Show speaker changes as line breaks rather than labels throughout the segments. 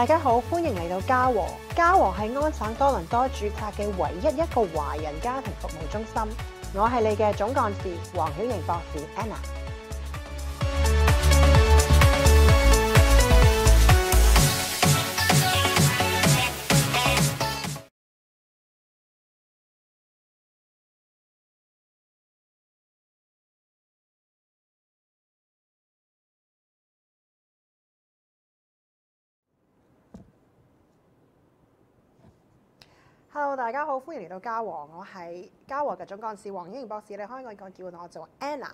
大家好，歡迎嚟到家和。家和喺安省多倫多註冊嘅唯一一個華人家庭服務中心。我係你嘅總幹事黃曉瑩博士 Anna。hello，大家好，歡迎嚟到嘉禾，我係嘉禾嘅總幹事黃英明博士，你開個講叫我做 Anna。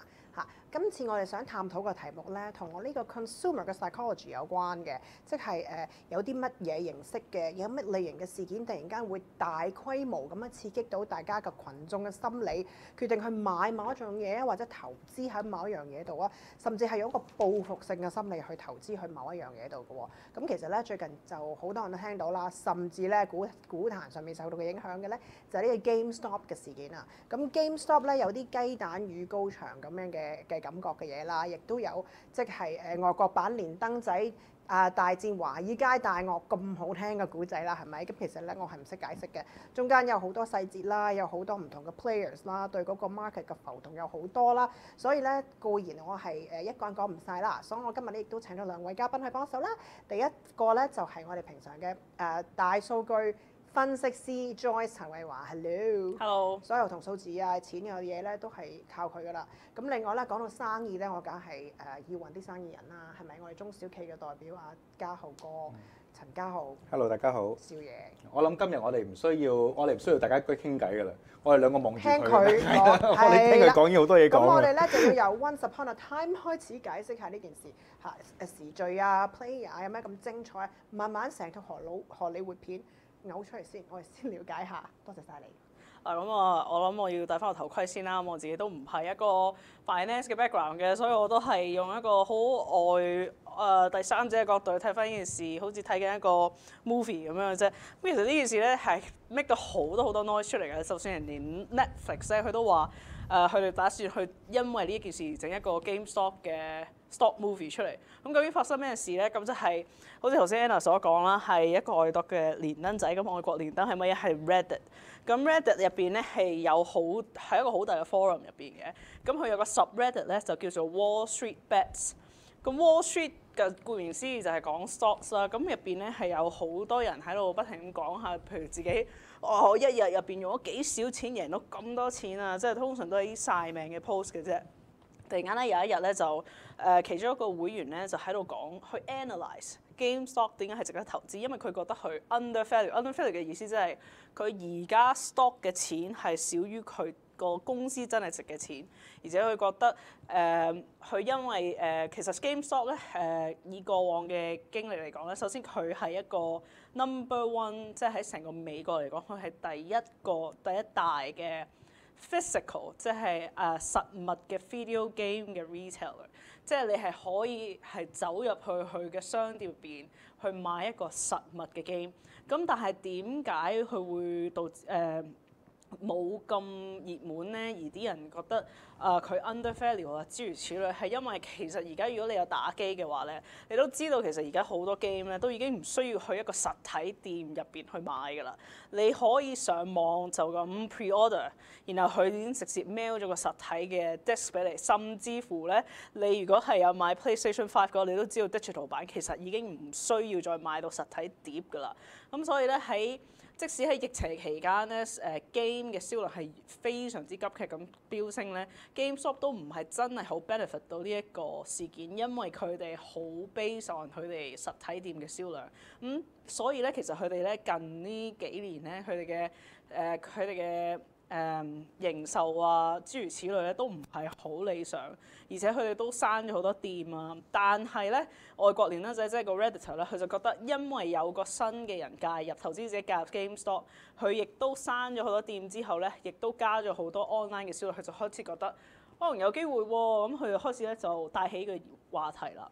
今次我哋想探討嘅題目呢，同我呢個 consumer 嘅 psychology 有關嘅，即係誒、呃、有啲乜嘢形式嘅，有乜類型嘅事件突然間會大規模咁樣刺激到大家嘅群眾嘅心理，決定去買某一樣嘢或者投資喺某一樣嘢度啊，甚至係有一個報復性嘅心理去投資去某一樣嘢度嘅喎。咁其實呢，最近就好多人都聽到啦，甚至呢，股股壇上面受到嘅影響嘅呢，就係、是、呢個 GameStop 嘅事件啊。咁 GameStop 呢，有啲雞蛋與高牆咁樣嘅。嘅嘅感覺嘅嘢啦，亦都有即係誒外國版《連登仔》啊、呃，《大戰華爾街大鱷》咁好聽嘅故仔啦，係咪？咁其實咧，我係唔識解釋嘅。中間有好多細節啦，有好多唔同嘅 players 啦，對嗰個 market 嘅浮動有好多啦，所以咧，固然我係誒、呃、一個人講唔晒啦，所以我今日咧亦都請咗兩位嘉賓去幫手啦。第一個咧就係、是、我哋平常嘅誒、呃、大數據。分析師 Joyce 陳偉華，Hello，好 Hello. 所有同數字啊、錢有嘢咧，都係靠佢噶啦。咁另外咧，講到生意咧，我梗係誒要揾啲生意人啦、啊，係咪？我哋中小企嘅代表阿、啊、嘉豪哥，陳嘉豪。Hello，
大家好，少爺。我諗今日我哋唔需要，我哋唔需要大家傾偈噶啦。我哋兩個望住佢，我哋聽佢講咗好多嘢。咁我哋咧就要由
Once Upon A Time 開始解釋下呢件事嚇時序啊、player 有咩咁精彩，慢慢成套荷老荷里活片。扭出嚟先，我哋先
了解下。多謝晒你。啊，咁啊，我諗我要戴翻個頭盔先啦。咁我自己都唔係一個 finance 嘅 background 嘅，所以我都係用一個好外誒、呃、第三者嘅角度睇翻呢件事，好似睇緊一個 movie 咁樣啫。咁其實呢件事咧係 make 到好多好多 noise 出嚟嘅，就算人連 Netflix 咧佢都話。誒佢哋打算去因為呢一件事整一個 GameStop 嘅 Stop Movie 出嚟。咁究竟發生咩事咧？咁即係好似頭先 Anna 所講啦，係一個外國嘅連登仔。咁外國連登係乜嘢？係 Reddit。咁 Reddit 入邊咧係有好係一個好大嘅 forum 入邊嘅。咁佢有個 subreddit 咧就叫做 Wall Street Bets。咁 Wall Street 嘅顧名思義就係講 stocks 啦。咁入邊咧係有好多人喺度不停咁講下，譬如自己。我、哦、一日入邊用咗幾少錢贏到咁多錢啊！即係通常都係啲晒命嘅 post 嘅啫。突然間咧有一日咧就誒、呃、其中一個會員咧就喺度講去 analyze GameStop 點解係值得投資，因為佢覺得佢 undervalue，undervalue 嘅意思即係佢而家 stock 嘅錢係少於佢個公司真係值嘅錢，而且佢覺得誒，佢、呃、因為誒、呃，其實 GameStop 咧誒、呃，以過往嘅經歷嚟講咧，首先佢係一個 number one，即係喺成個美國嚟講，佢係第一個第一大嘅 physical，即係誒實物嘅 video game 嘅 retailer，即係你係可以係走入去佢嘅商店入邊去買一個實物嘅 game。咁但係點解佢會導致誒？呃冇咁熱門呢，而啲人覺得啊，佢 undervalue 啊諸如此類，係因為其實而家如果你有打機嘅話呢，你都知道其實而家好多 game 咧都已經唔需要去一個實體店入邊去買㗎啦。你可以上網就咁 preorder，然後佢已經直接 mail 咗個實體嘅 disk 俾你。甚至乎呢，你如果係有買 PlayStation Five 嘅，你都知道 digital 版其實已經唔需要再買到實體碟㗎啦。咁所以呢，喺即使喺疫情期間咧，誒 game 嘅銷量係非常之急劇咁飆升咧 GameStop 都唔係真係好 benefit 到呢一個事件，因為佢哋好 base 喺佢哋實體店嘅銷量，咁、嗯、所以咧其實佢哋咧近呢幾年咧佢哋嘅誒佢哋嘅。誒營售啊，諸如此類咧都唔係好理想，而且佢哋都閂咗好多店啊。但係咧，外國連登仔即係個 Redditor 咧，佢就覺得因為有個新嘅人介入，投資者介入 GameStop，佢亦都閂咗好多店之後咧，亦都加咗好多 online 嘅銷路，佢就開始覺得可能有機會喎，啊。咁佢就開始咧就帶起一個話題啦。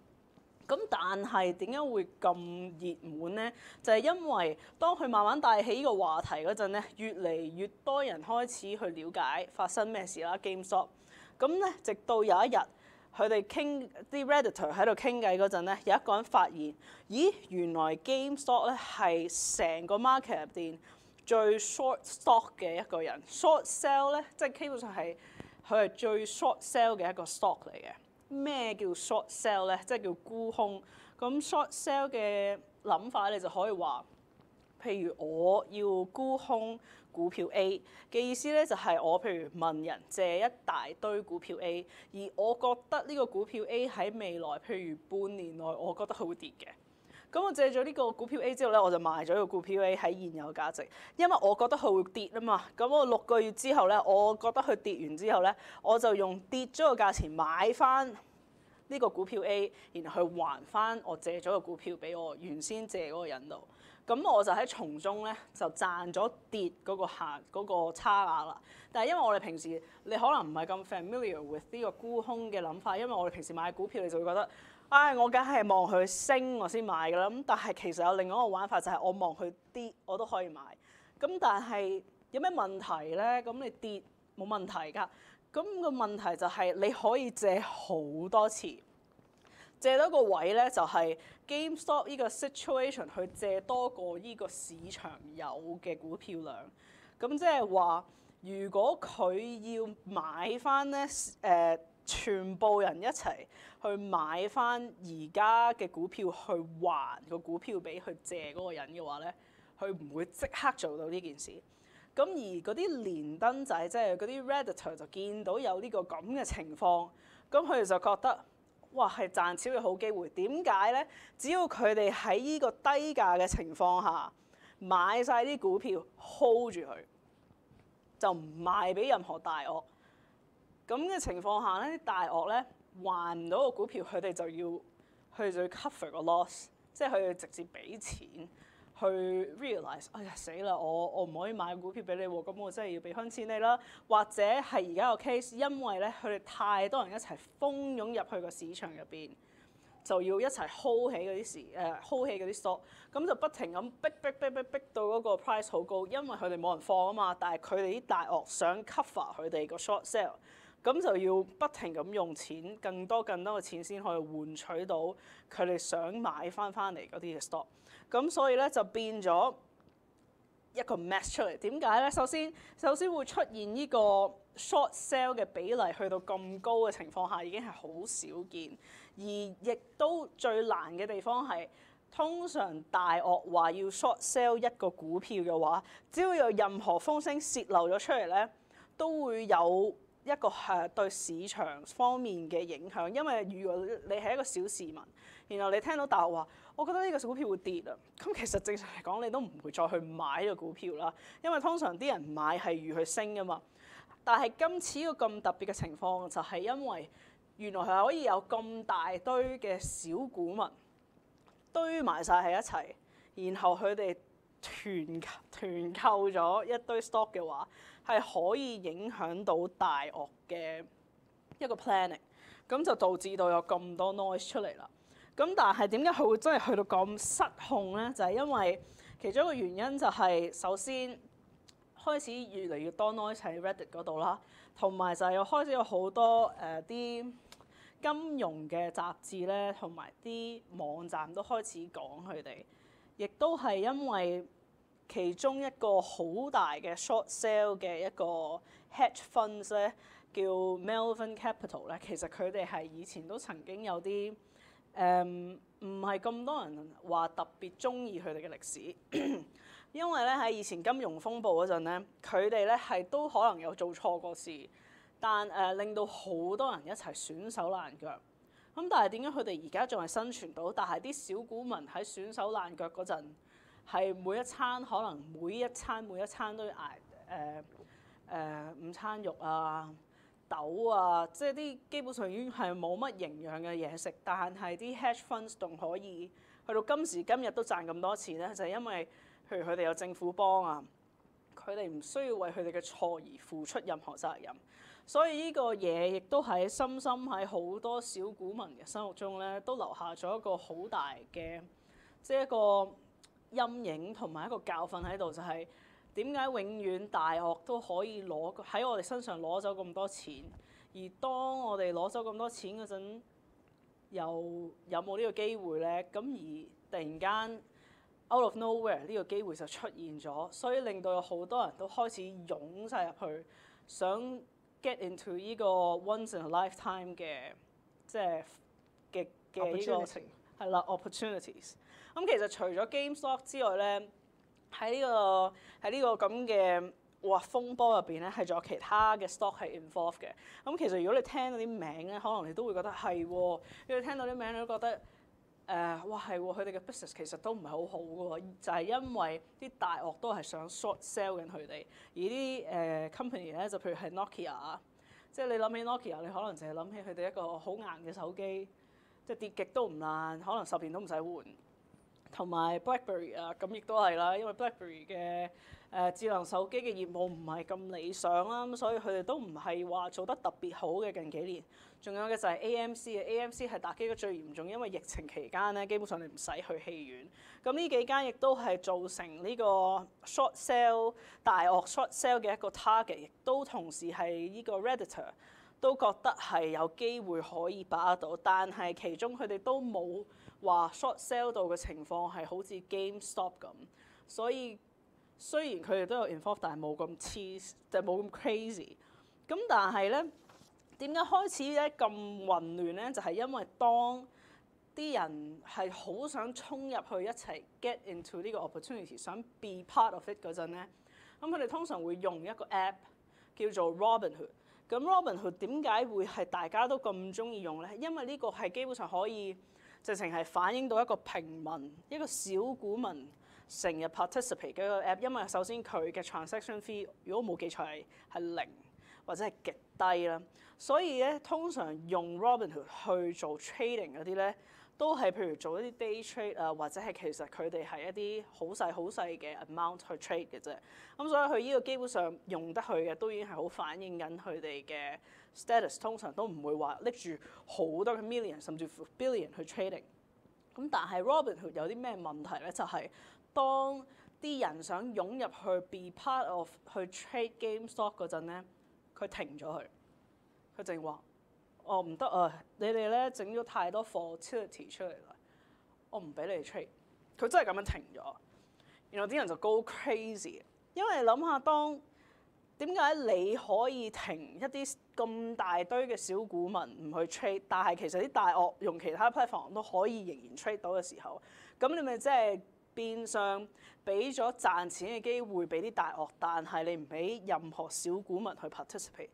咁但係點解會咁熱門呢？就係因為當佢慢慢帶起依個話題嗰陣咧，越嚟越多人開始去了解發生咩事啦。GameStop 咁咧，直到有一日佢哋傾啲 redditor 喺度傾偈嗰陣咧，有一個人發現，咦，原來 GameStop 咧係成個 market 入邊最 short stock 嘅一個人，short sell 咧即係基本上係佢係最 short sell 嘅一個 stock 嚟嘅。咩叫 short sell 咧？即係叫沽空。咁 short sell 嘅諗法咧，你就可以話，譬如我要沽空股票 A 嘅意思咧，就係、是、我譬如問人借一大堆股票 A，而我覺得呢個股票 A 喺未來，譬如半年內，我覺得好跌嘅。咁我借咗呢個股票 A 之後咧，我就賣咗個股票 A 喺現有價值，因為我覺得佢會跌啊嘛。咁我六個月之後咧，我覺得佢跌完之後咧，我就用跌咗個價錢買翻呢個股票 A，然後去還翻我借咗個股票俾我原先借嗰個人度。咁我就喺從中咧就賺咗跌嗰個下嗰、那個、差額啦。但係因為我哋平時你可能唔係咁 familiar with 呢個沽空嘅諗法，因為我哋平時買股票你就會覺得。唉、哎，我梗係望佢升我先買噶啦，咁但係其實有另外一個玩法就係、是、我望佢跌，我都可以買。咁但係有咩問題咧？咁你跌冇問題噶。咁、那個問題就係你可以借好多次，借多個位咧就係、是、GameStop 呢個 situation 去借多過依個市場有嘅股票量。咁即係話，如果佢要買翻咧，誒、呃。全部人一齊去買翻而家嘅股票，去還個股票俾佢借嗰個人嘅話呢，佢唔會即刻做到呢件事。咁而嗰啲連登仔即係嗰啲 Redditor 就見到有呢個咁嘅情況，咁佢哋就覺得哇，係賺錢嘅好機會。點解呢？只要佢哋喺呢個低價嘅情況下買晒啲股票 hold 住佢，就唔賣俾任何大鱷。咁嘅情況下咧，大鱷咧還唔到個股票，佢哋就要去去 cover 個 loss，即係佢哋直接俾錢去 realize。哎呀死啦，我我唔可以買股票俾你喎，咁我真係要俾翻錢你啦。或者係而家個 case，因為咧佢哋太多人一齊蜂擁入，入去個市場入邊，就要一齊 hold 起嗰啲時誒 hold 起啲 short，咁就不停咁逼迫逼迫逼迫逼逼到嗰個 price 好高，因為佢哋冇人放啊嘛。但係佢哋啲大鱷想 cover 佢哋個 short sale。咁就要不停咁用錢，更多更多嘅錢先可以換取到佢哋想買翻翻嚟嗰啲嘅 stock。咁所以咧就變咗一個 mess 出嚟。點解咧？首先首先會出現呢個 short sell 嘅比例去到咁高嘅情況下，已經係好少見。而亦都最難嘅地方係，通常大鱷話要 short sell 一個股票嘅話，只要有任何風聲洩漏咗出嚟咧，都會有。一個係對市場方面嘅影響，因為如果你係一個小市民，然後你聽到大學話，我覺得呢個股票會跌啊，咁其實正常嚟講，你都唔會再去買呢個股票啦，因為通常啲人買係預佢升噶嘛。但係今次一個咁特別嘅情況，就係、是、因為原來係可以有咁大堆嘅小股民堆埋晒喺一齊，然後佢哋團團購咗一堆 stock 嘅話。係可以影響到大鱷嘅一個 planning，咁就導致到有咁多 noise 出嚟啦。咁但係點解佢會真係去到咁失控呢？就係、是、因為其中一個原因就係首先開始越嚟越多 noise 喺 Reddit 嗰度啦，同埋就係又開始有好多誒啲、呃、金融嘅雜誌呢，同埋啲網站都開始講佢哋，亦都係因為。其中一個好大嘅 short sale 嘅一個 hedge funds 咧，叫 Melvin Capital 咧，其實佢哋係以前都曾經有啲誒唔係咁多人話特別中意佢哋嘅歷史， 因為咧喺以前金融風暴嗰陣咧，佢哋咧係都可能有做錯過事，但誒、呃、令到好多人一齊損手爛腳。咁但係點解佢哋而家仲係生存到？但係啲小股民喺損手爛腳嗰陣。係每一餐，可能每一餐每一餐都要挨誒午餐肉啊、豆啊，即係啲基本上已經係冇乜營養嘅嘢食。但係啲 hedge funds 仲可以去到今時今日都賺咁多錢呢，就係因為譬如佢哋有政府幫啊，佢哋唔需要為佢哋嘅錯而付出任何責任。所以呢個嘢亦都喺深深喺好多小股民嘅生活中呢，都留下咗一個好大嘅即係一個陰影同埋一個教訓喺度、就是，就係點解永遠大鱷都可以攞喺我哋身上攞走咁多錢，而當我哋攞走咁多錢嗰陣，又有冇呢個機會呢？咁而突然間 out of nowhere 呢個機會就出現咗，所以令到有好多人都開始湧晒入去，想 get into 呢個 once in a lifetime 嘅即係嘅嘅呢個程啦 Opportunity. opportunities。咁、嗯、其實除咗 GameStop 之外咧，喺呢、這個喺呢個咁嘅哇風波入邊咧，係仲有其他嘅 stock 係 involved 嘅。咁、嗯、其實如果你聽到啲名咧，可能你都會覺得係、哦。跟住聽到啲名，你都覺得誒、呃，哇係！佢哋、哦、嘅 business 其實都唔係好好嘅，就係、是、因為啲大鱷都係想 short sell 緊佢哋。而啲誒、呃、company 咧，就譬如係 Nokia，、ok、啊。即係你諗起 Nokia，、ok、你可能淨係諗起佢哋一個好硬嘅手機，即、就、係、是、跌極都唔爛，可能十年都唔使換。同埋 BlackBerry 啊，咁亦都係啦，因為 BlackBerry 嘅誒、呃、智能手機嘅業務唔係咁理想啦、啊，所以佢哋都唔係話做得特別好嘅近幾年。仲有嘅就係 AMC 嘅、啊、AMC 係打擊得最嚴重，因為疫情期間咧，基本上你唔使去戲院。咁、嗯、呢幾間亦都係造成呢個 short sell 大鱷 short sell 嘅一個 target，亦都同時係呢個 Redditor 都覺得係有機會可以把握到，但係其中佢哋都冇話 short sell 度嘅情況係好似 GameStop 咁，所以雖然佢哋都有 involve，但係冇咁 chase，黐，就冇咁 crazy。咁但係咧，點解開始咧咁混亂咧？就係因為當啲人係好想衝入去一齊 get into 呢個 opportunity，想 be part of it 嗰陣咧，咁佢哋通常會用一個 app 叫做 Robinhood。咁 Robinhood 點解會係大家都咁中意用咧？因為呢個係基本上可以。直情係反映到一個平民，一個小股民成日 participate 嘅一個 app，因為首先佢嘅 transaction fee 如果冇記錯係係零或者係極低啦，所以咧通常用 Robinhood 去做 trading 嗰啲咧，都係譬如做一啲 day trade 啊，或者係其實佢哋係一啲好細好細嘅 amount 去 trade 嘅啫，咁、嗯、所以佢呢個基本上用得佢嘅，都已經係好反映緊佢哋嘅 status 通常都唔會話拎住好多嘅 million 甚至乎 billion 去 trading 咁但係 Robinhood 有啲咩問題咧就係、是、當啲人想湧入去 be part of 去 trade GameStop 陣咧佢停咗佢佢淨話哦唔得啊你哋咧整咗太多 fertility 出嚟啦我唔俾你哋 trade 佢真係咁樣停咗然後啲人就 go crazy 因為諗下當點解你可以停一啲咁大堆嘅小股民唔去 trade 但係其實啲大鱷用其他 platform 都可以仍然 trade 到嘅時候，咁你咪即係變相俾咗賺錢嘅機會俾啲大鱷，但係你唔俾任何小股民去 participate，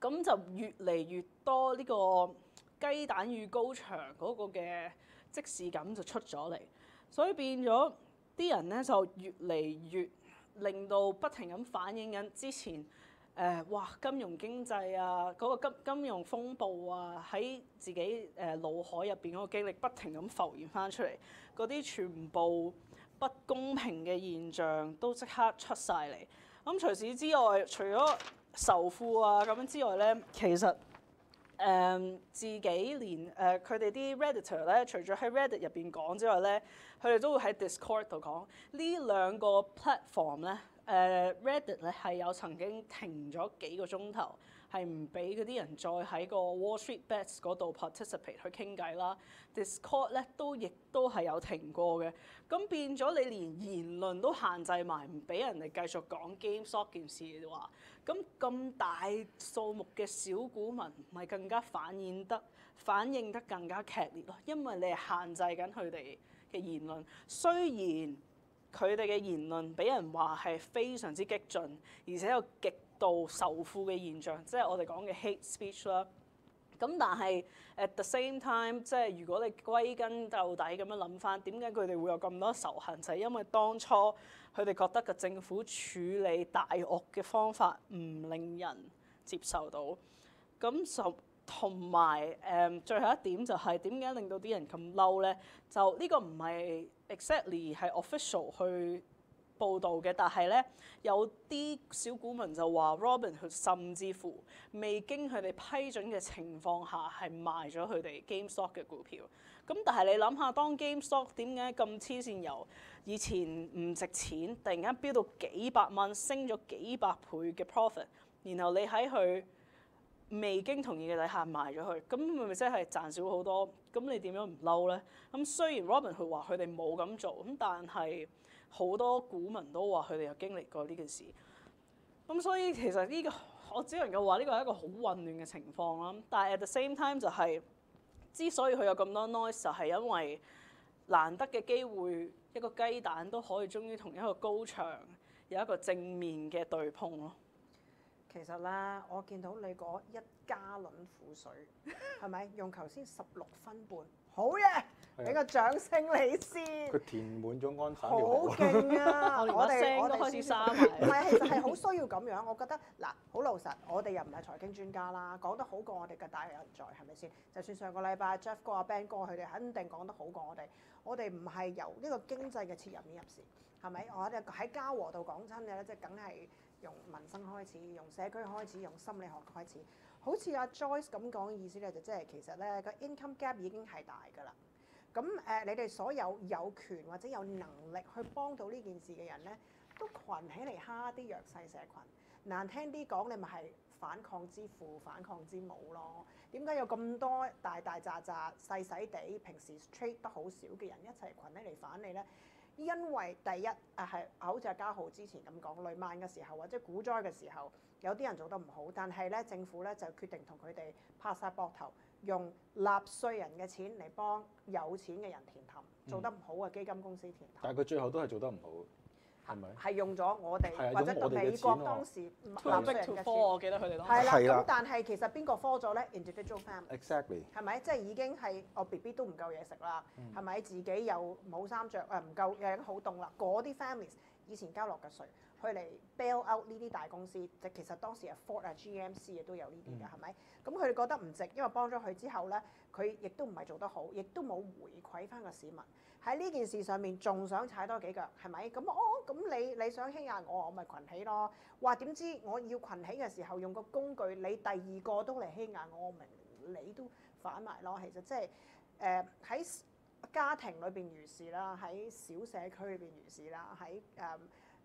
咁就越嚟越多呢個雞蛋與高牆嗰個嘅即視感就出咗嚟，所以變咗啲人咧就越嚟越。令到不停咁反映緊之前，誒、呃、哇金融經濟啊，嗰、那個金金融風暴啊，喺自己誒腦、呃、海入邊嗰個經歷不停咁浮現翻出嚟，嗰啲全部不公平嘅現象都即刻出晒嚟。咁除此之外，除咗仇富啊咁樣之外咧，其實誒、嗯、自己連誒佢、呃、哋啲 redditor 咧，除咗喺 redditor 入邊講之外咧。佢哋都會喺 Discord 度講呢兩個 platform 咧，誒、呃、Reddit 咧係有曾經停咗幾個鐘頭，係唔俾嗰啲人再喺個 Wall Street Bets 嗰度 participate 去傾偈啦。Discord 咧都亦都係有停過嘅，咁變咗你連言論都限制埋，唔俾人哋繼續講 GameStop 件事嘅話，咁咁大數目嘅小股民，咪更加反應得反應得更加劇烈咯，因為你係限制緊佢哋。嘅言論雖然佢哋嘅言論俾人話係非常之激進，而且有極度仇富嘅現象，即係我哋講嘅 hate speech 啦。咁但係 at the same time，即係如果你歸根究底咁樣諗翻，點解佢哋會有咁多仇恨，就係因為當初佢哋覺得個政府處理大惡嘅方法唔令人接受到。咁十同埋誒最後一點就係點解令到啲人咁嬲咧？就呢個唔係 exactly 係 official 去報導嘅，但係咧，有啲小股民就話 Robin 佢甚至乎未經佢哋批准嘅情況下係賣咗佢哋 GameStop 嘅股票。咁但係你諗下，當 GameStop 點解咁黐線？由以前唔值錢，突然間飆到幾百萬，升咗幾百倍嘅 profit，然後你喺佢未經同意嘅底下賣咗佢，咁咪咪真係賺少好多，咁你點樣唔嬲呢？咁雖然 Robin 佢話佢哋冇咁做，咁但係好多股民都話佢哋有經歷過呢件事，咁所以其實呢、呢個我只能夠話呢個係一個好混亂嘅情況啦。但係 at the same time 就係、係、之所以佢有咁多 noise 就係因為難得嘅機會，一個雞蛋都可以終於同一個高牆有一個正面嘅對碰咯。其實啦，我
見到你嗰一加侖苦水，係咪用頭先十六分半？
好嘅，俾的個
掌聲你先。佢
填滿咗安神。好勁
啊！我哋我哋都開始沙埋。唔係，其實係好需要咁樣。我覺得嗱，好老實，我哋又唔係財經專家啦，講得好過我哋嘅大人在。在係咪先？就算上個禮拜 Jeff 哥、阿 Ben 哥佢哋肯定講得好過我哋。我哋唔係由呢個經濟嘅切入面入市，係咪？我哋喺交和度講真嘅咧，即係梗係。用民生開始，用社區開始，用心理學開始，好似阿 Joyce 咁講嘅意思咧，就即係其實咧個 income gap 已經係大㗎啦。咁誒、呃，你哋所有有權或者有能力去幫到呢件事嘅人咧，都群起嚟蝦啲弱勢社群。難聽啲講，你咪係反抗之父、反抗之母咯。點解有咁多大大扎扎、細細地、平時 trade 得好少嘅人一齊群起嚟反你咧？因為第一啊係，好似阿嘉豪之前咁講，雷曼嘅時候或者股災嘅時候，有啲人做得唔好，但係咧政府咧就決定同佢哋拍晒膊頭，用納稅人嘅錢嚟幫有錢嘅人填氹，做得唔好嘅基金公司填氹、嗯。但係
佢最後都係做得唔好。係咪？係
用咗我哋，我或者到美國當時
男、啊、人
嘅科。的我記得
佢哋咯。係啦，咁但係其實邊個科咗咧？Individual family
exactly.。Exactly。係
咪？即係已經係我 B B 都唔夠嘢食啦。係咪、嗯？自己又冇衫着，誒、呃、唔夠，又好凍啦。嗰啲 families 以前交落嘅稅，佢嚟 bail out 呢啲大公司，即其實當時係 Ford 啊 GMC 啊都有呢啲㗎，係咪、嗯？咁佢哋覺得唔值，因為幫咗佢之後咧，佢亦都唔係做得好，亦都冇回饋翻個市民。喺呢件事上面仲想踩多幾腳，係咪？咁我咁你你想欺壓我，我咪群起咯。話點知我要群起嘅時候用個工具，你第二個都嚟欺壓我，我明你都反埋咯。其實即係誒喺家庭裏邊如是啦，喺小社區裏邊如是啦，喺誒誒，呃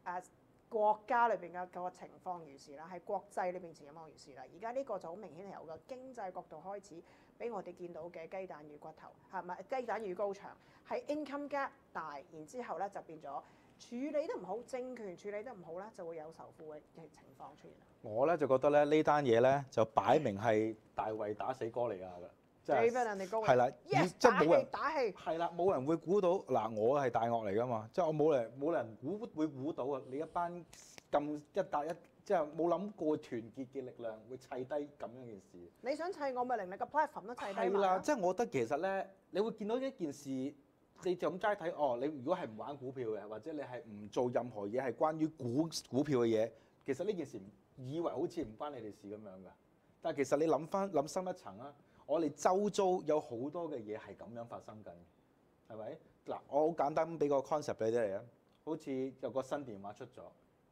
啊國家裏邊嘅個情況如是啦，喺國際裏邊情況如是啦，而家呢個就好明顯係由個經濟角度開始，俾我哋見到嘅雞蛋與骨頭，係咪？係雞蛋與高牆，喺 income gap 大，然後之後咧就變咗處理得唔好，政權處理得唔好咧，就會有仇富嘅情況出現啦。
我咧就覺得咧呢單嘢咧就擺明係大衛打死哥利亞㗎。幾分人哋高係啦，即係冇人打氣，係啦，冇人會估到嗱。我係大鱷嚟噶嘛，即係我冇人冇人估會估到啊！你一班咁一打一，即係冇諗過團結嘅力量會砌低咁樣件事。
你想砌我咪凌力個 platform 都砌低。係啦，
即係我覺得其實咧，你會見到一件事，你就咁齋睇哦。你如果係唔玩股票嘅，或者你係唔做任何嘢係關於股股票嘅嘢，其實呢件事以為好似唔關你哋事咁樣噶，但係其實你諗翻諗深一層啊。我哋周遭有好多嘅嘢係咁樣發生緊，係咪？嗱，我好簡單咁俾個 concept 俾你哋啊。好似有個新電話出咗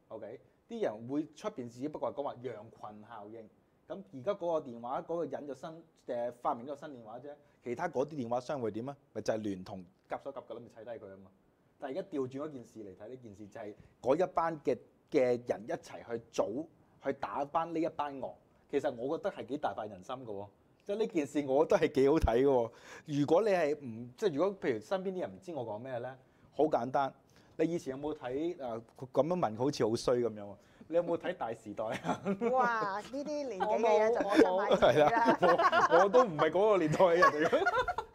，OK？啲人會出邊自己不過係講話羊群效應。咁而家嗰個電話嗰、嗰個人就新誒、呃、發明咗新電話啫。其他嗰啲電話商會點啊？咪就係、係、聯同夾手夾腳諗住砌低佢啊嘛。但係而家調轉嗰件事嚟睇呢件事，就係嗰一班嘅嘅人一齊去組去打翻呢一班鵝。其實我覺得係幾大快人心㗎喎。即係呢件事，我覺得係幾好睇嘅，哦。如果你係唔即係，如果譬如身邊啲人唔知我講咩咧，好簡單。你以前有冇睇啊？咁、呃、樣問佢好似好衰咁樣喎。你有冇睇《大時代》
啊？哇！呢啲年紀嘅嘢就冇睇啦。我都唔係嗰
個年代嘅人嚟嘅。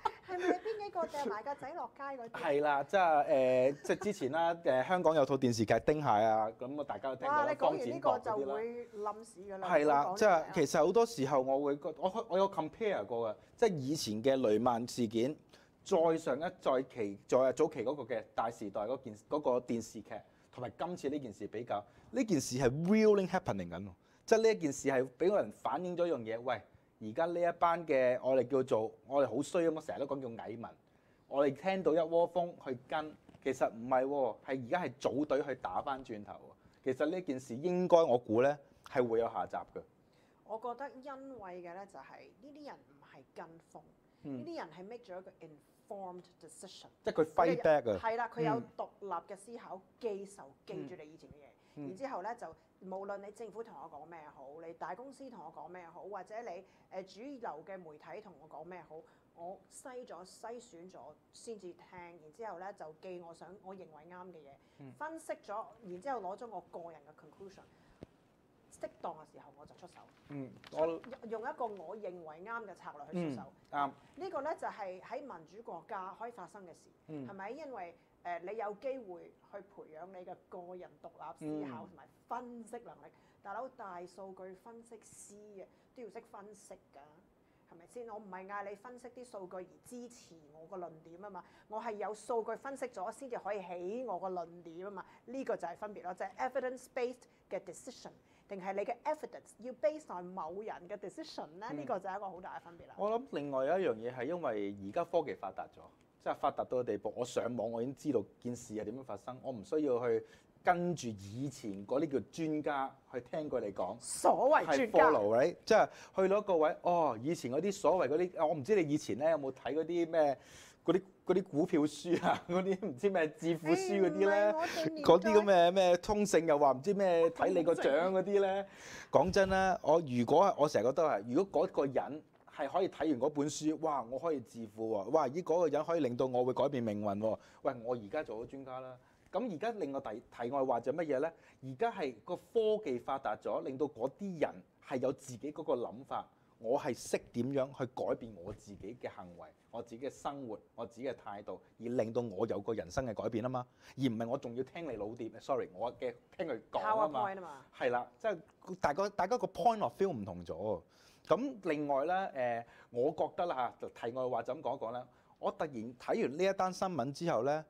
個帶埋個仔落街個，係啦，即係誒，即係之前啦，誒香港有套電視劇《丁蟹》啊，咁我大家都聽哇你講完呢個
就會冧市㗎啦。係啦 的，即係
其實好多時候我會，我我有 compare 過嘅，即係以前嘅雷曼事件，再上一再期再早期嗰個嘅大時代嗰件嗰個電視劇，同埋今次呢件事比較，呢件事係 really happening 緊喎，即係呢一件事係俾個人反映咗一樣嘢，喂，而家呢一班嘅我哋叫做我哋好衰咁，成日都講叫蟻民。我哋聽到一窩蜂去跟，其實唔係喎，係而家係組隊去打返轉頭。其實呢件事應該我估咧係會有下集㗎。
我覺得因為嘅咧就係呢啲人唔係跟風，呢啲、嗯、人係 make 咗一個 informed decision，即係佢輝得㗎。係啦的，佢了有獨立嘅思考，嗯、記仇，記住你以前嘅嘢，嗯、然之後咧就無論你政府同我講咩好，你大公司同我講咩好，或者你誒主流嘅媒體同我講咩好。我篩咗、篩選咗，先至聽，然之後咧就記我想、我認為啱嘅嘢，嗯、分析咗，然之後攞咗我個人嘅 conclusion，適當嘅時候我就出手。嗯，我用一個我認為啱嘅策略去出手。啱、嗯。個呢個咧就係、是、喺民主國家可以發生嘅事，係咪、嗯？因為誒、呃、你有機會去培養你嘅個人獨立思考同埋、嗯、分析能力。大佬大數據分析師啊，都要識分析㗎。係咪先？我唔係嗌你分析啲數據而支持我個論點啊嘛，我係有數據分析咗先至可以起我個論點啊嘛，呢、這個就係分別咯，即、就、係、是、evidence based 嘅 decision，定係你嘅 evidence 要 based 喺某人嘅 decision 咧？呢個就係一個好大嘅分
別啦、嗯。我諗另外有一樣嘢係因為而家科技發達咗，即係發達到個地步，我上網我已經知道件事係點樣發生，我唔需要去。跟住以前嗰啲叫專家去聽佢哋講，所謂專家，即係去到一個位，哦，以前嗰啲所謂嗰啲，我唔知你以前咧有冇睇嗰啲咩，嗰啲嗰啲股票書啊，嗰啲唔知咩致富書嗰啲咧，嗰啲咁嘅咩通勝又話唔知咩睇你個獎嗰啲咧。講真啦，我如果我成日覺得係，如果嗰個人係可以睇完嗰本書，哇，我可以致富喎，哇，咦，嗰個人可以令到我會改變命運喎，喂，我而家做咗專家啦。咁而家令我題題外話就係乜嘢咧？而家係個科技發達咗，令到嗰啲人係有自己嗰個諗法，我係識點樣去改變我自己嘅行為、我自己嘅生活、我自己嘅態度，而令到我有個人生嘅改變啊嘛！而唔係我仲要聽你老點，sorry，我嘅聽佢講啊嘛。係啦 Powerpoint，即係大家大家個 point of feel 唔同咗。咁另外咧，誒，我覺得啦嚇，就題外話就咁講一講啦。我突然睇完呢一單新聞之後咧。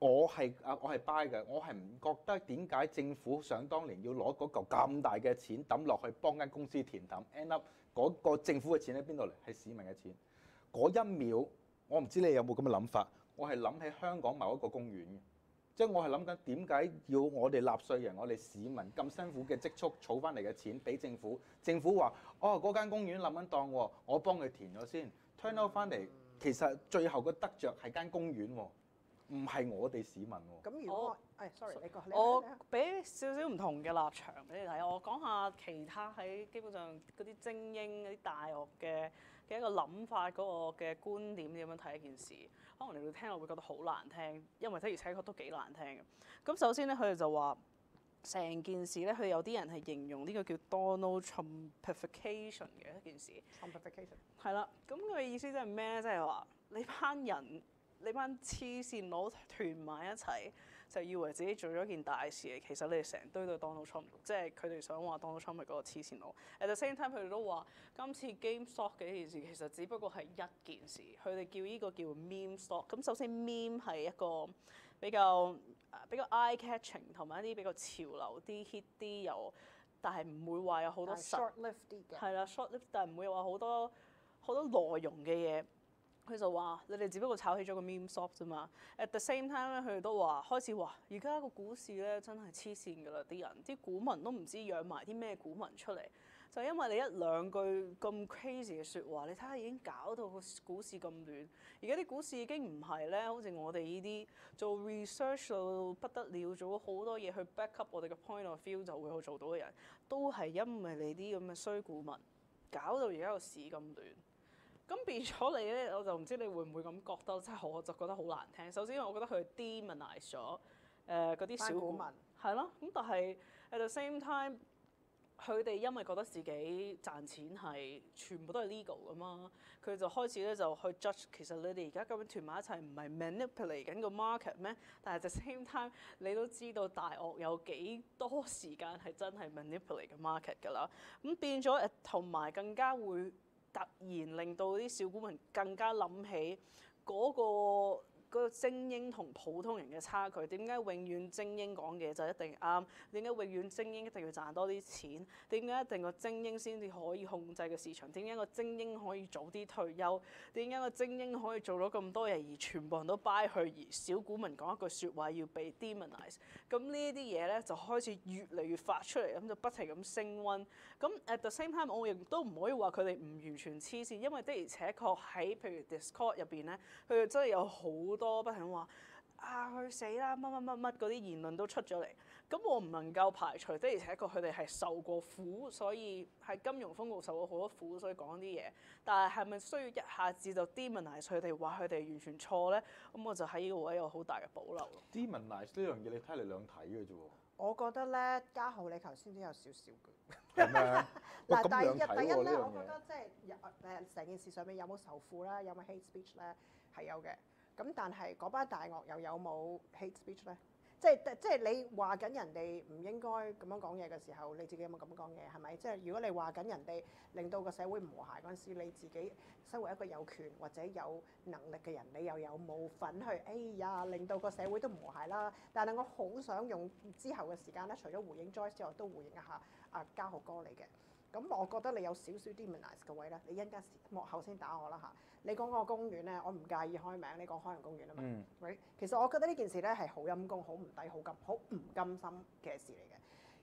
我係啊，我係 buy 嘅，我係唔覺得點解政府想當年要攞嗰嚿咁大嘅錢抌落去幫間公司填氹，end up 嗰個政府嘅錢喺邊度嚟？係市民嘅錢。嗰一秒，我唔知你有冇咁嘅諗法。我係諗起香港某一個公園即係、就是、我係諗緊點解要我哋納稅人、我哋市民咁辛苦嘅積蓄儲翻嚟嘅錢俾政府，政府話哦嗰間公園諗緊當我幫佢填咗先，turn out 翻嚟，其實最後嘅得着係間公園喎。唔係我哋市民喎。
咁如果，誒，sorry，你個，你我俾少少唔同嘅立場俾你睇，我講下其他喺基本上嗰啲精英、嗰啲大學嘅嘅一個諗法嗰、嗰個嘅觀點點樣睇一件事。可能你會聽落會覺得好難聽，因為即而且確都幾難聽。咁首先咧，佢哋就話成件事咧，佢有啲人係形容呢個叫 Donald Trumpification 嘅一件事。Trumpification 係啦。咁佢嘅意思即係咩咧？即係話你班人。你班黐線佬團埋一齊，就以為自己做咗件大事。其實你哋成堆都 Donald Trump，即係佢哋想話 Donald Trump 嗰個黐線佬。At the same time，佢哋都話今次 GameStop 嘅呢件事其實只不過係一件事。佢哋叫呢個叫 Meme Stock。咁首先 Meme 係一個比較比較 eye catching 同埋一啲比較潮流啲 hit 啲，又但係唔會話有好多、uh, short-lived 啲嘅。係啦，short-lived，但係唔會話好多好多內容嘅嘢。佢就話：你哋只不過炒起咗個 meme stock 啫嘛。At the same time 咧，佢哋都話開始話：而家個股市咧真係黐線㗎啦！啲人、啲股民都唔知養埋啲咩股民出嚟。就因為你一兩句咁 crazy 嘅説話，你睇下已經搞到個股市咁亂。而家啲股市已經唔係咧，好似我哋呢啲做 research 到不得了，做咗好多嘢去 back up 我哋嘅 point of view 就會去做到嘅人都係因為你啲咁嘅衰股民搞到而家個市咁亂。咁變咗你咧，我就唔知你會唔會咁覺得，即係我就覺得好難聽。首先我覺得佢 demonize 咗、呃、誒嗰啲小股民，係咯。咁但係 at the same time，佢哋因為覺得自己賺錢係全部都係 legal 㗎嘛，佢就開始咧就去 judge。其實你哋而家咁樣團埋一齊，唔係 manipulate 緊個 market 咩？但係 at the same time，你都知道大鱷有幾多時間係真係 manipulate 個 market 㗎啦。咁變咗誒，同埋更加會。突然令到啲小股民更加諗起嗰個。個精英同普通人嘅差距，點解永遠精英講嘢就一定啱？點解永遠精英一定要賺多啲錢，點解一定個精英先至可以控制個市場，點解個精英可以早啲退休？點解個精英可以做到咁多嘢而全部人都 buy 去，而小股民講一句說話要被 demonize，咁呢啲嘢咧就開始越嚟越發出嚟，咁就不停咁升温。咁 at the same time，我亦都唔可以話佢哋唔完全黐線，因為的而且確，喺譬如 Discord 入邊咧，佢哋真係有好。多不停話啊，佢死啦乜乜乜乜嗰啲言論都出咗嚟。咁我唔能夠排除即係，而且確佢哋係受過苦，所以係金融風暴受過好多苦，所以講啲嘢。但係係咪需要一下子就 demonize 佢哋，話佢哋完全錯咧？咁我就喺呢個位有好大嘅保留。
demonize 呢樣嘢，你睇嚟兩睇嘅啫喎。
我覺得咧，家豪你頭先都有少少嘅。嗱，
第一
第一咧，我覺得即係誒成件事上面有冇仇富啦，有冇 hate speech 咧，係有嘅。咁但係嗰班大鱷又有冇 hate speech 咧？即係即係你話緊人哋唔應該咁樣講嘢嘅時候，你自己有冇咁樣講嘢係咪？即係、就是、如果你話緊人哋令到個社會唔和諧嗰陣時，你自己身為一個有權或者有能力嘅人，你又有冇份去哎呀令到個社會都唔和諧啦？但係我好想用之後嘅時間咧，除咗回應 Joyce 之外，都回應一下啊，嘉豪哥你嘅。咁我覺得你有少少 demonize 嘅位咧，你一陣間幕後先打我啦嚇！你講個公園咧，我唔介意開名，你講海洋公園啊嘛、mm. right? 其實我覺得呢件事咧係好陰公、好唔抵、好急、好唔甘心嘅事嚟嘅。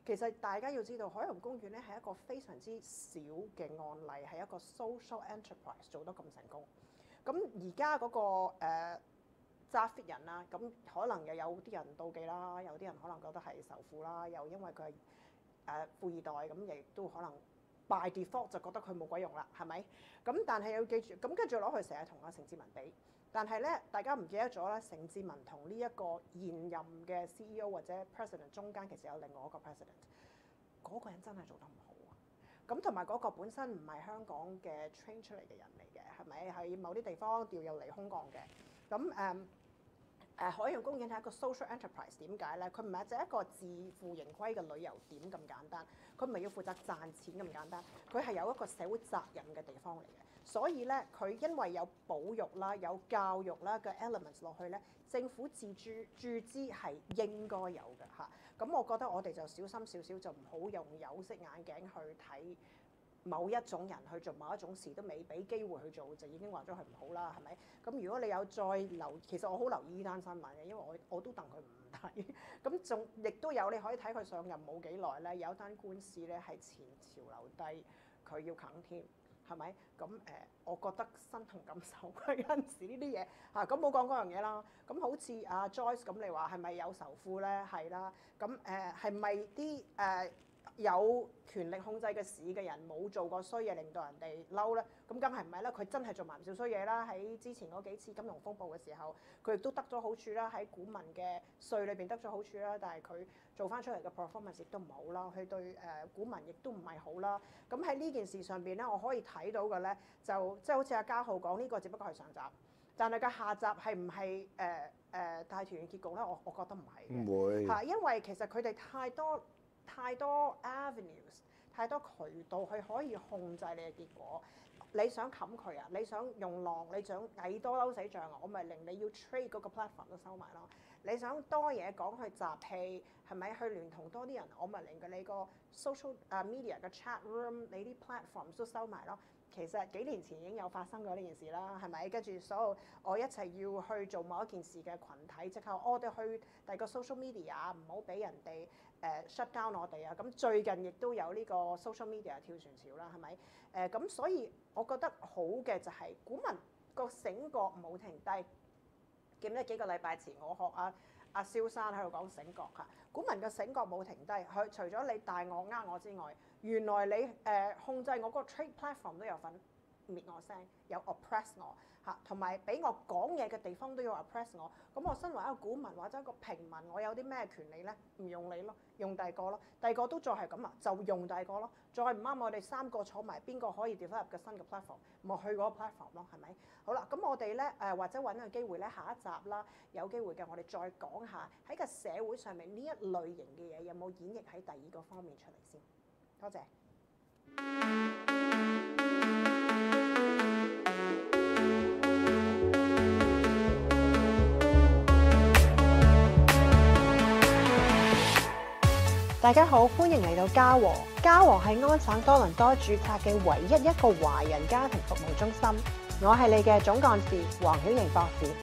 其實大家要知道，海洋公園咧係一個非常之少嘅案例，係一個 social enterprise 做得咁成功。咁而家嗰個揸 fit、呃、人啦，咁可能又有啲人妒忌啦，有啲人可能覺得係仇富啦，又因為佢係誒富二代，咁亦都可能。By default，就覺得佢冇鬼用啦，係咪？咁但係要記住，咁跟住攞去成日同阿盛志文比，但係咧，大家唔記得咗咧，盛志文同呢一個現任嘅 CEO 或者 President 中間其實有另外一個 President，嗰個人真係做得唔好啊！咁同埋嗰個本身唔係香港嘅 train 出嚟嘅人嚟嘅，係咪？喺某啲地方調入嚟空降嘅，咁誒。Um, 誒、啊、海洋公園係一個 social enterprise，點解咧？佢唔係就一個自負盈虧嘅旅遊點咁簡單，佢唔係要負責賺錢咁簡單，佢係有一個社會責任嘅地方嚟嘅。所以咧，佢因為有保育啦、有教育啦嘅 elements 落去咧，政府自注注資係應該有嘅嚇。咁、啊嗯、我覺得我哋就小心少少，就唔好用有色眼鏡去睇。某一種人去做某一種事，都未俾機會去做，就已經話咗佢唔好啦，係咪？咁如果你有再留，其實我好留意呢單新聞嘅，因為我我都戥佢唔睇。咁 仲亦都有你可以睇佢上任冇幾耐咧，有一單官司咧係前朝留低，佢要啃添，係咪？咁誒、呃，我覺得身同感受嗰陣時呢啲嘢嚇，咁冇講嗰樣嘢啦。咁、啊、好似阿 Joyce 咁，你話係咪有仇富咧？係啦。咁誒係咪啲誒？呃是有權力控制嘅市嘅人冇做過衰嘢，令到人哋嬲咧，咁梗係唔係啦？佢真係做埋唔少衰嘢啦！喺之前嗰幾次金融風暴嘅時候，佢亦都得咗好處啦，喺股民嘅稅裏邊得咗好處啦，但係佢做翻出嚟嘅 performance 亦都唔好啦，佢對誒股民亦都唔係好啦。咁喺呢件事上邊咧，我可以睇到嘅咧，就即係好似阿嘉浩講，呢個只不過係上集，但係個下集係唔係誒誒大團圓結局咧？我我覺得唔係。
唔會。
因為其實佢哋太多。太多 avenues，太多渠道去可以控制你嘅結果。你想冚佢啊？你想用浪？你想矮多嬲死障啊，我咪令你要 trade 嗰個 platform 都收埋咯。你想多嘢講去集氣，係咪去聯同多啲人？我咪令你個 social media 嘅 chat room，你啲 platform 都收埋咯。其實幾年前已經有發生過呢件事啦，係咪？跟住所有我一齊要去做某一件事嘅群體，即刻、啊、我哋去第個 social media 唔好俾人哋。誒、uh, shut down 我哋啊，咁 g ib berish 最近亦都有呢個 social media 跳船潮啦，係咪？誒咁所以我覺得好嘅就係、是、股民個醒覺冇停低，記得幾個禮拜前我學阿阿、啊啊、蕭生喺度講醒覺嚇，股、啊、民嘅醒覺冇停低，佢除咗你大我呃我之外，原來你誒、啊、控制我個 trade platform 都有份滅我聲，有 oppress 我。同埋俾我講嘢嘅地方都要壓迫我，咁我身為一個股民或者一個平民，我有啲咩權利咧？唔用你咯，用第二個咯，第二個都再係咁啊，就用第二個咯，再唔啱我哋三個坐埋，邊個可以調翻入個新嘅 platform？咪去嗰個 platform 咯，係咪？好啦，咁我哋咧誒，或者揾個機會咧，下一集啦，有機會嘅，我哋再講下喺個社會上面呢一類型嘅嘢有冇演繹喺第二個方面出嚟先。多謝。 大家好，歡迎嚟到嘉禾。嘉禾係安省多倫多注冊嘅唯一一個華人家庭服務中心。我係你嘅總幹事黃曉玲博士。